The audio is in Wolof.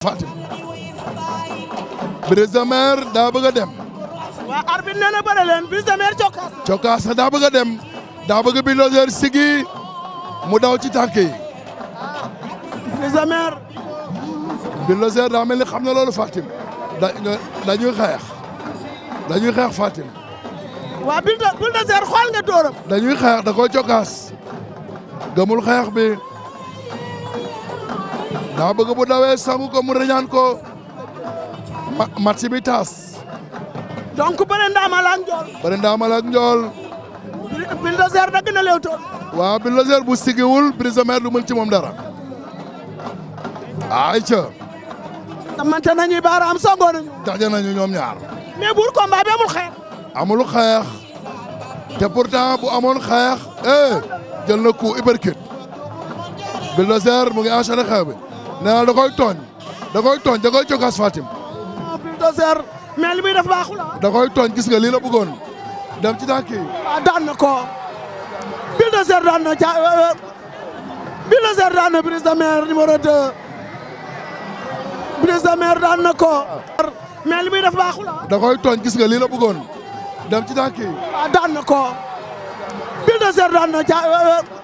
Fatim Brise de Mer daa bëgg a dem. waa arbitre nee na bëre leen Brise de Mer Cokaas. Cokaas daa bëgg a dem daa bëgg bulldozer sigi mu daw ci tànk yi. Brise de Mer. bulldozer daa mel ni xam na loolu Fatim da dañuy xeex dañuy xeex Fatim. waa bulldozer xool nga dóoram. dañuy xeex da koy Cokaas gëmul xeex bi. daa bëgg bu dawee sangu ko mu reñaan ko match bi tas donc bëre Ndamal ak Ndiol. bëre Ndamal ak Ndiol. Bulldozer dagg na Leewtoo. waaw Bulldozer bu sigiwul Brise de du mën ci moom dara. ayca. tamante nañuy baaraam songoo nañu. daje nañu ñoom ñaar. mais buur combat bi amul xeex. amul xeex. te pourtant bu amoon xeex. eh jël na coup uppercut. Bulldozer mu ngi enchaîné xeex bi. na da tooñ da koy tooñ da koy cokaas Fatim. Bulldozer mais li muy def baaxul ah. da koy tooñ gis nga lii la bëggoon dem ci tànk yi. waaw ah, daan na ko Bulldozer daan na ja euh, euh, Bulldozer daan na Brise de Mer numéro 2 Brise daan na ko. mais li muy def baaxul ah. da koy tooñ gis nga lii la dem ci daan na ko Bulldozer daan na ja.